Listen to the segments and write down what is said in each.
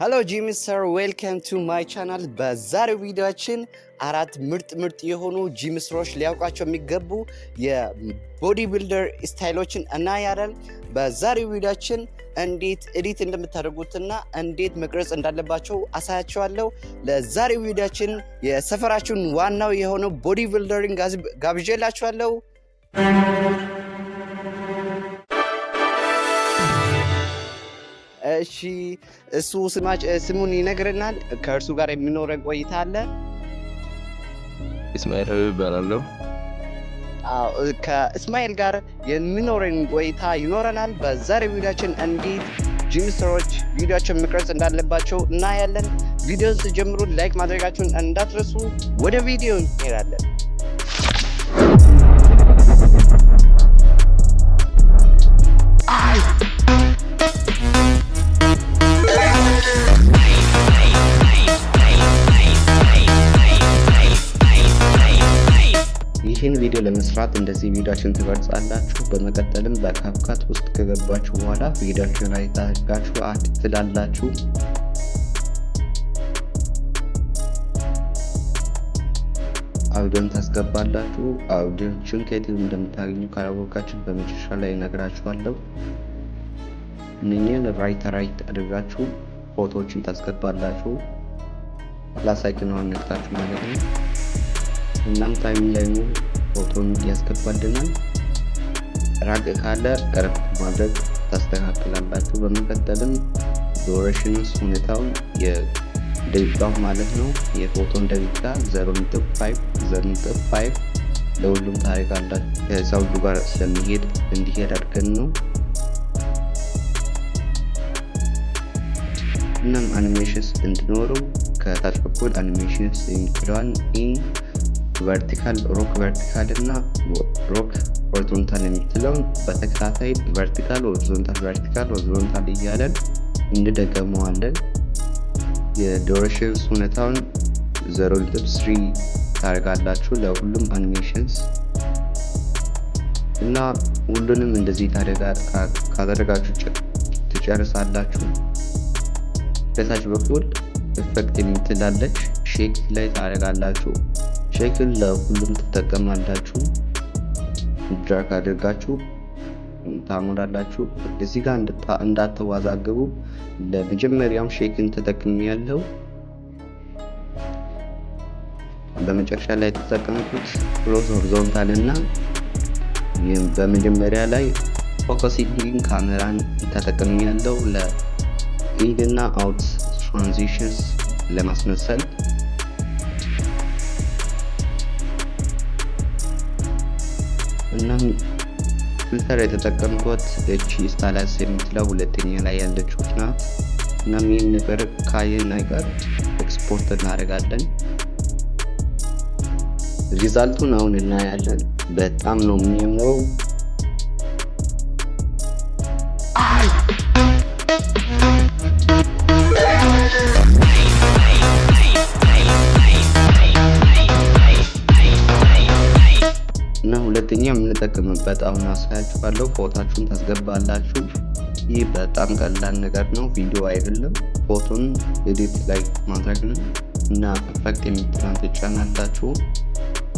ሄሎ ጂሚ ሰር ዌልካም ቱ ማይ ቻናል። በዛሬው ቪዲዮችን አራት ምርጥ ምርጥ የሆኑ ጂም ስሮች ሊያውቋቸው የሚገቡ የቦዲ ቢልደር ስታይሎችን እናያለን። በዛሬው ቪዲዮችን እንዴት ኤዲት እንደምታደርጉትና እንዴት መቅረጽ እንዳለባቸው አሳያቸዋለሁ። ለዛሬው ቪዲዮችን የሰፈራችሁን ዋናው የሆነው ቦዲ ቢልደሪንግ ጋብዤላችኋለሁ። እሺ እሱ ስሙን ይነግረናል። ከእርሱ ጋር የሚኖረን ቆይታ አለ። እስማኤል ህብ ይባላለሁ። ከእስማኤል ጋር የሚኖረን ቆይታ ይኖረናል። በዛሬ ቪዲዮችን እንዴት ጂም ሰሮች ቪዲዮችን መቅረጽ እንዳለባቸው እናያለን። ቪዲዮ ስጀምሩ ላይክ ማድረጋችሁን እንዳትረሱ። ወደ ቪዲዮ እንሄዳለን። ይህን ቪዲዮ ለመስራት እንደዚህ ቪዲዮችን ትበርጻላችሁ። በመቀጠልም በካፕካት ውስጥ ከገባችሁ በኋላ ቪዲዮችን ላይ ታጋችሁ አድ ትላላችሁ። አውዲዮን ታስገባላችሁ። አውዲዮችን ከየት እንደምታገኙ ካላወቃችሁ በመጨረሻ ላይ ነግራችኋለሁ። እነኛን ራይት ራይት አድርጋችሁ ፎቶዎችን ታስገባላችሁ። ፕላስ አይክኗን ነክታችሁ ማለት ነው። እናም ታይም ላይ ነው ፎቶን ያስገባልናል። ራቅ ካለ ቀረብ ማድረግ ታስተካክላላችሁ። በመቀጠልም ዶሬሽንስ ሁኔታው የደቂቃው ማለት ነው። የፎቶን ደቂቃ ዜሮ ነጥብ ፋይቭ ዜሮ ነጥብ ፋይቭ ለሁሉም ታሪክ አላችሁ። ከሳውዱ ጋር ስለሚሄድ እንዲሄድ አድርገን ነው። እናም አኒሜሽንስ እንዲኖረው ከታች በኩል አኒሜሽንስ ኢን ቨርቲካል ሮክ ቨርቲካል እና ሮክ ሆሪዞንታል የምትለውን በተከታታይ ቨርቲካል ሆሪዞንታል ቨርቲካል ሆሪዞንታል እያለን እንደገመዋለን። የዶሬሽንስ ሁኔታውን ዜሮ ነጥብ ስሪ ታደርጋላችሁ ለሁሉም አኒሜሽንስ እና ሁሉንም እንደዚህ ካደረጋችሁ ትጨርሳላችሁ። ከታች በኩል ኤፌክት የምትላለች ሼክ ላይ ታደርጋላችሁ። ሼክን ለሁሉም ትጠቀማላችሁ። ድራግ አድርጋችሁ ታሞላላችሁ። እዚህ ጋር እንዳትዋዛገቡ። ለመጀመሪያም ሼክን ተጠቅሚ ያለው በመጨረሻ ላይ የተጠቀምኩት ክሮስ ሆሪዞንታል እና በመጀመሪያ ላይ ፎከሲንግ ካሜራን ተጠቅሚ ያለው ለኢን እና አውት ትራንዚሽንስ ለማስመሰል እና ፍልተር የተጠቀምኩት እቺ ስታላስ የምትለው ሁለተኛ ላይ ያለችው ናት። እናም ይህን ነገር ካየን አይቀር ኤክስፖርት እናደርጋለን። ሪዛልቱን አሁን እናያለን። በጣም ነው የሚያምረው። በጣም አሳያችኋለሁ። ፎታችሁን ታስገባላችሁ። ይህ በጣም ቀላል ነገር ነው፣ ቪዲዮ አይደለም። ፎቶን ኤዲት ላይ ማድረግ ነው እና ኢፌክት የሚትናን ትጫናላችሁ።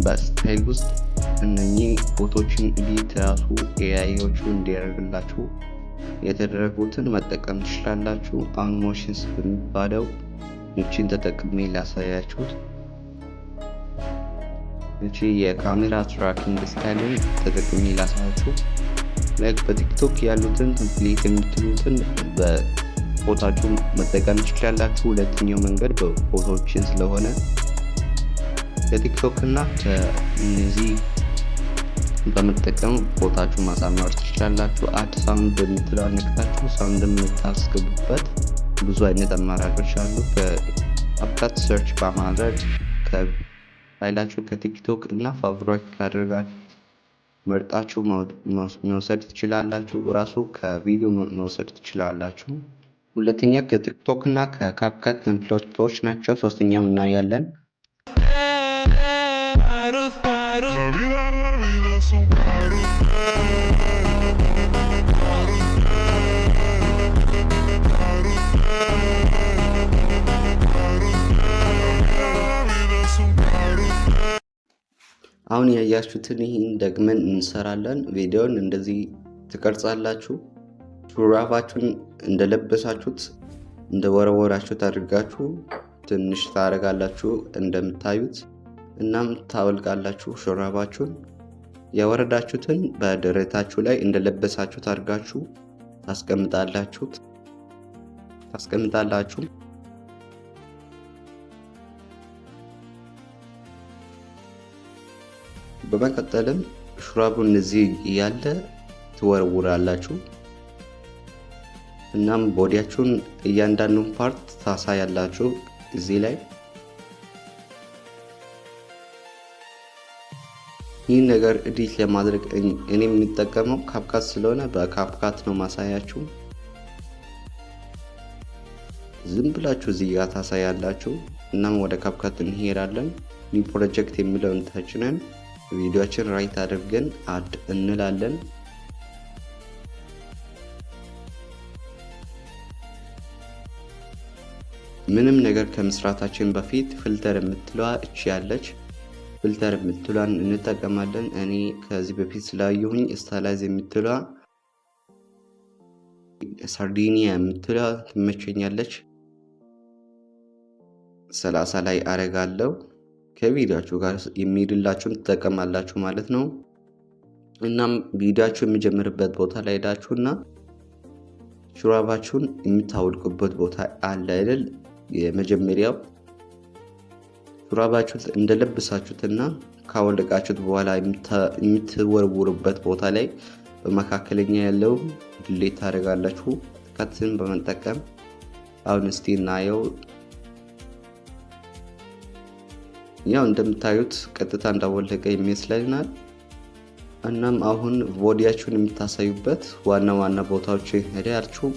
በስታይል ውስጥ እነኚህ ፎቶችን ኤዲት ራሱ ኤአይዎቹ እንዲያደርግላችሁ የተደረጉትን መጠቀም ትችላላችሁ። አኒሞሽንስ በሚባለው ይችን ተጠቅሜ ላሳያችሁት እቺ የካሜራ ትራኪንግ ስታይልን ተጠቅሜ ላሳያችሁ። ላይክ በቲክቶክ ያሉትን ዲሊት የምትሉትን በፎታችሁ መጠቀም ትችላላችሁ። ሁለተኛው መንገድ በፎቶችን ስለሆነ ለቲክቶክ እና እነዚህ በመጠቀም ፎታችሁ ማሳመር ትችላላችሁ። አድ ሳውንድ በምትለው ነክታችሁ ሳውንድ የምታስገቡበት ብዙ አይነት አማራጮች አሉ። በአፕካት ሰርች በማድረግ ፋይላችሁን ከቲክቶክ እና ፋብሪክ አድርጋችሁ መርጣችሁ መውሰድ ትችላላችሁ። ራሱ ከቪዲዮ መውሰድ ትችላላችሁ። ሁለተኛ ከቲክቶክ እና ከካፕከት ምፕሎቶች ናቸው። ሶስተኛ እናያለን። አሁን ያያችሁትን ይህን ደግመን እንሰራለን። ቪዲዮን እንደዚህ ትቀርጻላችሁ። ሹራባችሁን እንደለበሳችሁት እንደወረወራችሁት አድርጋችሁ ትንሽ ታደርጋላችሁ እንደምታዩት። እናም ታወልቃላችሁ ሹራባችሁን። ያወረዳችሁትን በደረታችሁ ላይ እንደለበሳችሁት አድርጋችሁ ታስቀምጣላችሁ ታስቀምጣላችሁ። በመቀጠልም ሹራቡን እዚህ እያለ ትወረውራላችሁ። እናም ቦዲያችሁን እያንዳንዱን ፓርት ታሳያላችሁ እዚህ ላይ ይህ ነገር እዲት ለማድረግ እኔ የምንጠቀመው ካፕካት ስለሆነ በካፕካት ነው ማሳያችሁ። ዝም ብላችሁ እዚህ ጋር ታሳያላችሁ። እናም ወደ ካፕካት እንሄዳለን። ኒው ፕሮጀክት የሚለውን ተጭነን ቪዲዮችን ራይት አድርገን አድ እንላለን። ምንም ነገር ከመስራታችን በፊት ፊልተር የምትለዋ እቺ ያለች ፊልተር የምትሏን እንጠቀማለን። እኔ ከዚህ በፊት ስላየሁኝ ስታላይዝ የምትሏ ሳርዲኒያ የምትለዋ ትመቸኛለች። ሰላሳ ላይ አረጋለሁ። ከቪዲዮአችሁ ጋር የሚሄድላችሁን ትጠቀማላችሁ ማለት ነው። እናም ቪዲዮአችሁ የሚጀምርበት ቦታ ላይ ሄዳችሁና ሹራባችሁን የምታወልቁበት ቦታ አለ አይደል? የመጀመሪያው ሹራባችሁን እንደለብሳችሁትና ካወለቃችሁት በኋላ የምትወርውሩበት ቦታ ላይ በመካከለኛ ያለው ድሌት ታደርጋላችሁ። ቀትን በመጠቀም አሁን እስቲ እናየው። ያው እንደምታዩት ቀጥታ እንዳወለቀ ይመስለናል። እናም አሁን ቦዲያችሁን የምታሳዩበት ዋና ዋና ቦታዎች ሄዳችሁ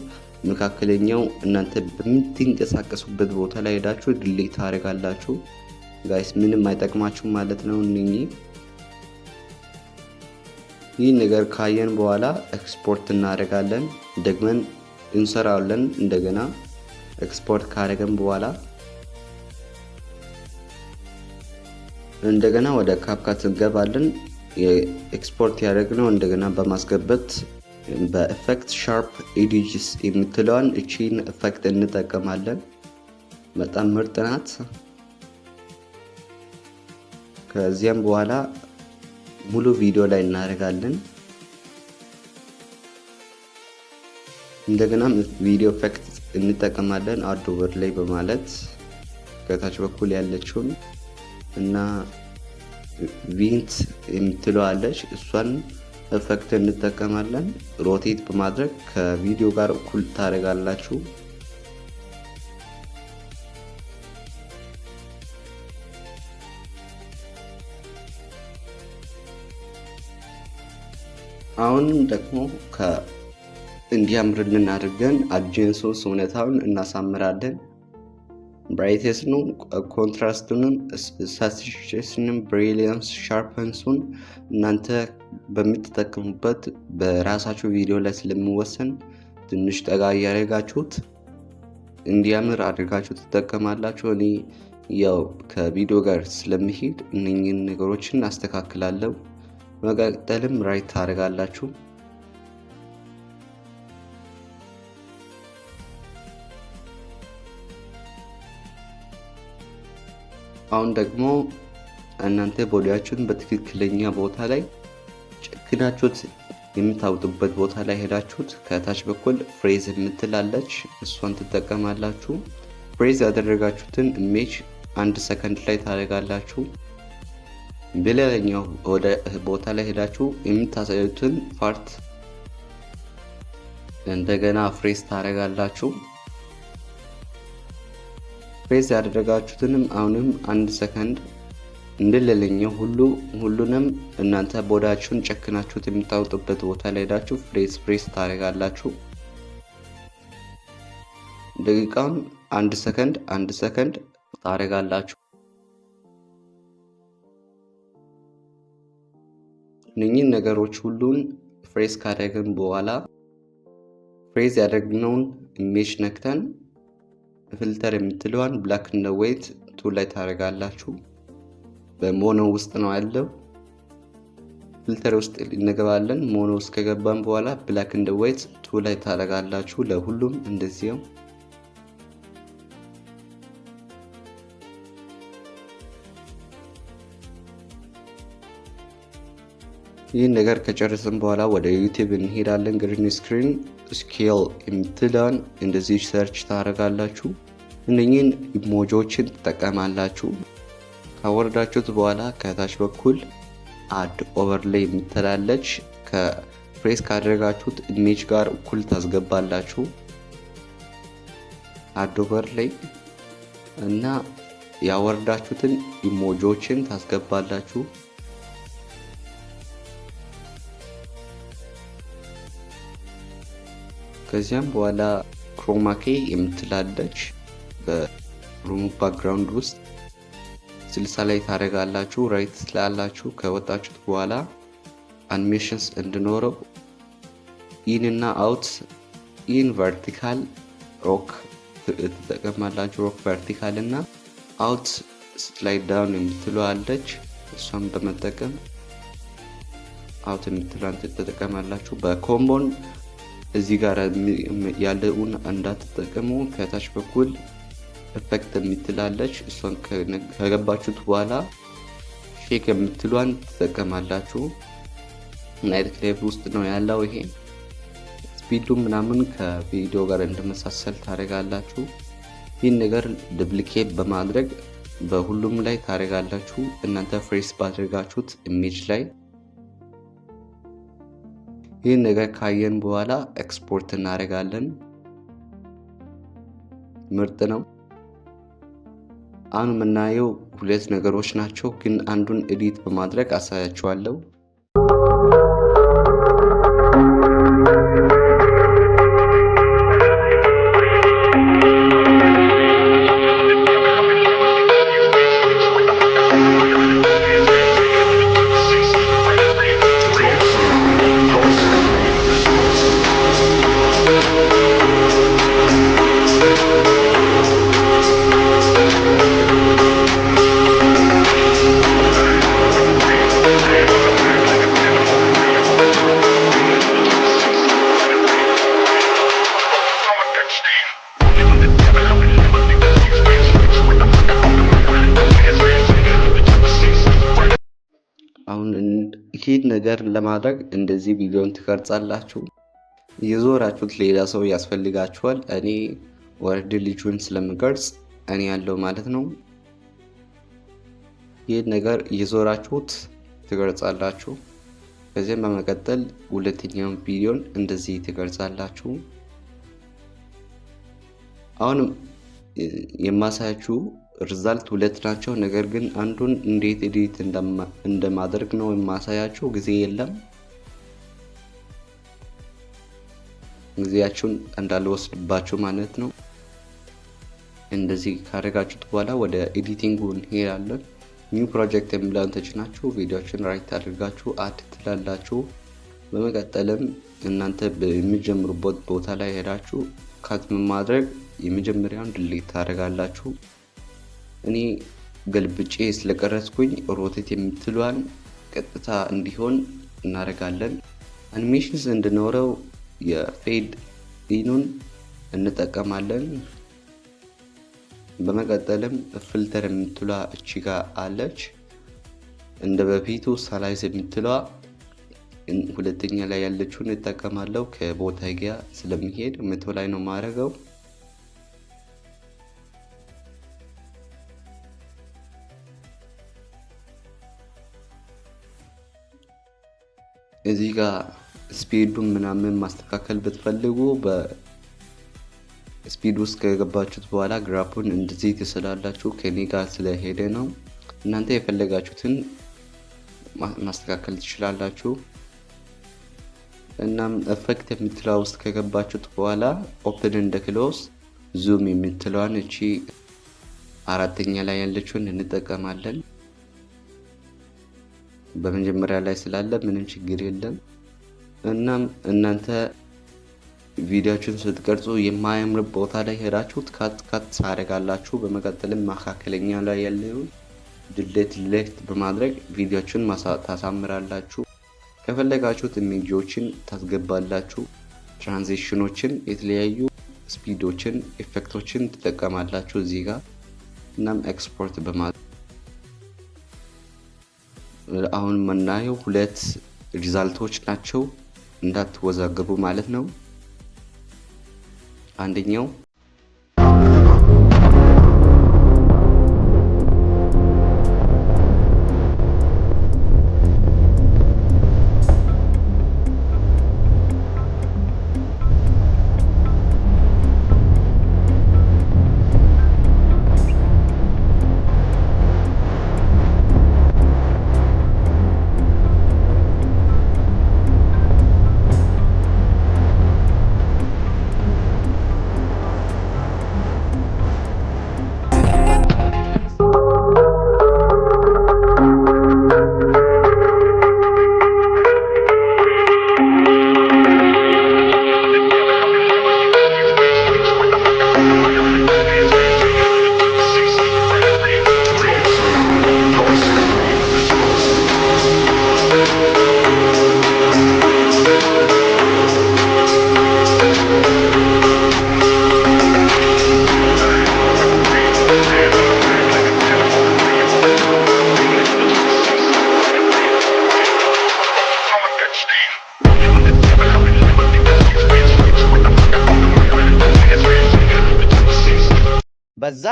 መካከለኛው እናንተ በምትንቀሳቀሱበት ቦታ ላይ ሄዳችሁ ድሌ ታደርጋላችሁ። ጋይስ ምንም አይጠቅማችሁ ማለት ነው። እኒ ይህ ነገር ካየን በኋላ ኤክስፖርት እናደርጋለን፣ ደግመን እንሰራለን። እንደገና ኤክስፖርት ካደረገን በኋላ እንደገና ወደ ካፕካት እንገባለን። ኤክስፖርት ያደረግነው እንደገና በማስገበት በኤፌክት ሻርፕ ኢዲጂስ የምትለዋን እቺን ኤፌክት እንጠቀማለን። በጣም ምርጥ ናት። ከዚያም በኋላ ሙሉ ቪዲዮ ላይ እናደርጋለን። እንደገናም ቪዲዮ ኤፌክት እንጠቀማለን። አዶበር ላይ በማለት ከታች በኩል ያለችውን እና ቪንት የምትለው አለች እሷን ኤፌክት እንጠቀማለን። ሮቴት በማድረግ ከቪዲዮ ጋር እኩል ታደርጋላችሁ። አሁን ደግሞ እንዲያምርልን አድርገን አጀንሶስ እውነታውን እናሳምራለን። ብራይትነሱን፣ ኮንትራስቱንም፣ ሳቹሬሽኑን፣ ብሪሊየንስ ሻርፐንሱን እናንተ በምትጠቀሙበት በራሳችሁ ቪዲዮ ላይ ስለሚወሰን ትንሽ ጠጋ እያደረጋችሁት እንዲያምር አድርጋችሁ ትጠቀማላችሁ። እኔ ያው ከቪዲዮ ጋር ስለምሄድ እነኝን ነገሮችን አስተካክላለሁ። መቀጠልም ራይት ታደርጋላችሁ። አሁን ደግሞ እናንተ ቦዲያችሁን በትክክለኛ ቦታ ላይ ጨክናችሁት የምታውጡበት ቦታ ላይ ሄዳችሁት ከታች በኩል ፍሬዝ የምትላለች እሷን ትጠቀማላችሁ። ፍሬዝ ያደረጋችሁትን ሜች አንድ ሰከንድ ላይ ታደርጋላችሁ። በሌላኛው ወደ ቦታ ላይ ሄዳችሁ የምታሳዩትን ፓርት እንደገና ፍሬዝ ታደርጋላችሁ። ፕሬስ ያደረጋችሁትንም አሁንም አንድ ሰከንድ እንድለለኘው ሁሉ ሁሉንም እናንተ ቦዳችሁን ጨክናችሁት የምታወጡበት ቦታ ላይ ሄዳችሁ ፍሬዝ ፕሬስ ታደርጋላችሁ። ደቂቃውን አንድ ሰከንድ አንድ ሰከንድ ታደርጋላችሁ። እነኚህን ነገሮች ሁሉን ፍሬስ ካደረግን በኋላ ፍሬዝ ያደረግነውን ኢሜጅ ነክተን ፊልተር የምትለዋን ብላክ እና ዌይት ቱ ላይ ታደርጋላችሁ። በሞኖ ውስጥ ነው ያለው። ፊልተር ውስጥ እንገባለን። ሞኖ ውስጥ ከገባን በኋላ ብላክ እና ዌይት ቱ ላይ ታደርጋላችሁ ለሁሉም እንደዚያው ይህን ነገር ከጨረስን በኋላ ወደ ዩቲብ እንሄዳለን። ግሪን ስክሪን ስኬል የምትለን እንደዚህ ሰርች ታደርጋላችሁ። እነኝን ኢሞጆችን ትጠቀማላችሁ። ካወረዳችሁት በኋላ ከታች በኩል አድ ኦቨርሌይ የምትላለች ከፕሬስ ካደረጋችሁት ኢሜጅ ጋር እኩል ታስገባላችሁ። አድ ኦቨርሌይ እና ያወረዳችሁትን ኢሞጆችን ታስገባላችሁ። ከዚያም በኋላ ክሮማኬ የምትላለች በሩሙ ባክግራውንድ ውስጥ ስልሳ ላይ ታደረጋላችሁ ራይት ስላላችሁ ከወጣችሁት በኋላ አኒሜሽንስ እንድኖረው ኢን እና አውት ኢን ቨርቲካል ሮክ ትጠቀማላችሁ ሮክ ቨርቲካል እና አውት ስላይ ዳውን የምትሉ አለች እሷም በመጠቀም አውት የምትሏን ትጠቀማላችሁ በኮምቦን እዚህ ጋር ያለውን እንዳትጠቀሙ ከታች በኩል ኢፌክት የምትላለች እሷን ከገባችሁት በኋላ ሼክ የምትሏን ትጠቀማላችሁ። ናይት ውስጥ ነው ያለው ይሄ ስፒዱ ምናምን ከቪዲዮ ጋር እንደመሳሰል ታደርጋላችሁ። ይህን ነገር ድብሊኬት በማድረግ በሁሉም ላይ ታደርጋላችሁ። እናንተ ፍሬስ ባድርጋችሁት ኢሜጅ ላይ ይህን ነገር ካየን በኋላ ኤክስፖርት እናደርጋለን። ምርጥ ነው። አሁን የምናየው ሁለት ነገሮች ናቸው፣ ግን አንዱን ኤዲት በማድረግ አሳያችኋለሁ። ነገር ለማድረግ እንደዚህ ቪዲዮን ትቀርጻላችሁ፣ የዞራችሁት ሌላ ሰው ያስፈልጋችኋል። እኔ ወርድ ልጁን ስለምቀርጽ እኔ ያለው ማለት ነው። ይህ ነገር የዞራችሁት ትቀርጻላችሁ። ከዚያም በመቀጠል ሁለተኛውን ቪዲዮን እንደዚህ ትቀርጻላችሁ። አሁንም የማሳያችሁ ሪዛልት ሁለት ናቸው። ነገር ግን አንዱን እንዴት ኤዲት እንደማደርግ ነው የማሳያችሁ። ጊዜ የለም፣ ጊዜያችሁን እንዳልወስድባችሁ ማለት ነው። እንደዚህ ካደረጋችሁት በኋላ ወደ ኤዲቲንጉ እንሄዳለን። ኒው ፕሮጀክት የሚለውን ተጭናችሁ ቪዲዮችን ራይት አድርጋችሁ አድ ትላላችሁ። በመቀጠልም እናንተ በሚጀምሩበት ቦታ ላይ ሄዳችሁ ካት ማድረግ የመጀመሪያውን ድሌት ታደርጋላችሁ። እኔ ገልብጬ ስለቀረጽኩኝ ሮቴት የምትሏን ቀጥታ እንዲሆን እናደርጋለን። አኒሜሽንስ እንድኖረው የፌድ ኢኑን እንጠቀማለን። በመቀጠልም ፊልተር የምትሏ እቺ አለች። እንደ በፊቱ ሳላይዝ የምትሏ ሁለተኛ ላይ ያለችውን እጠቀማለሁ። ከቦታ ጊያ ስለሚሄድ መቶ ላይ ነው ማድረገው። እዚህ ጋር ስፒዱን ምናምን ማስተካከል ብትፈልጉ በስፒድ ውስጥ ከገባችሁት በኋላ ግራፑን እንደዚህ ትስላላችሁ። ከኔ ጋር ስለሄደ ነው። እናንተ የፈለጋችሁትን ማስተካከል ትችላላችሁ። እናም ኤፌክት የምትለዋ ውስጥ ከገባችሁት በኋላ ኦፕን እንደ ክሎስ ዙም የምትለዋን እቺ አራተኛ ላይ ያለችውን እንጠቀማለን። በመጀመሪያ ላይ ስላለ ምንም ችግር የለም። እናም እናንተ ቪዲዮችን ስትቀርጹ የማያምር ቦታ ላይ ሄዳችሁ ትካት ትካት ታደርጋላችሁ። በመቀጠልም መካከለኛ ላይ ያለውን ድሌት ሌክት በማድረግ ቪዲዮችን ታሳምራላችሁ። ከፈለጋችሁት ኢሜጆችን ታስገባላችሁ። ትራንዚሽኖችን፣ የተለያዩ ስፒዶችን፣ ኢፌክቶችን ትጠቀማላችሁ እዚህ ጋር እናም ኤክስፖርት በማ አሁን የምናየው ሁለት ሪዛልቶች ናቸው። እንዳትወዛገቡ ማለት ነው። አንደኛው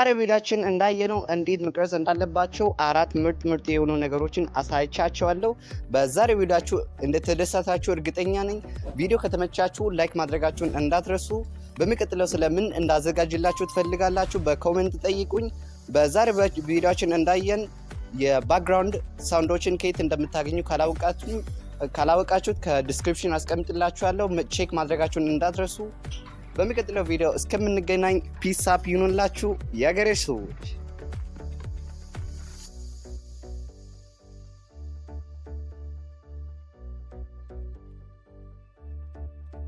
በዛሬ ቪዲዮችን እንዳየነው እንዴት መቅረጽ እንዳለባቸው አራት ምርጥ ምርጥ የሆኑ ነገሮችን አሳይቻቸዋለሁ። በዛሬ ቪዲዮችሁ እንደተደሰታችሁ እርግጠኛ ነኝ። ቪዲዮ ከተመቻችሁ ላይክ ማድረጋችሁን እንዳትረሱ። በሚቀጥለው ስለምን እንዳዘጋጅላችሁ ትፈልጋላችሁ በኮሜንት ጠይቁኝ። በዛሬ ቪዲዮችን እንዳየን የባክግራውንድ ሳውንዶችን ከየት እንደምታገኙ ካላወቃችሁት ከዲስክሪፕሽን አስቀምጥላችኋለሁ። ቼክ ማድረጋችሁን እንዳትረሱ። በሚቀጥለው ቪዲዮ እስከምንገናኝ ፒስ አፕ ይሁኑላችሁ የአገሬ ሰዎች።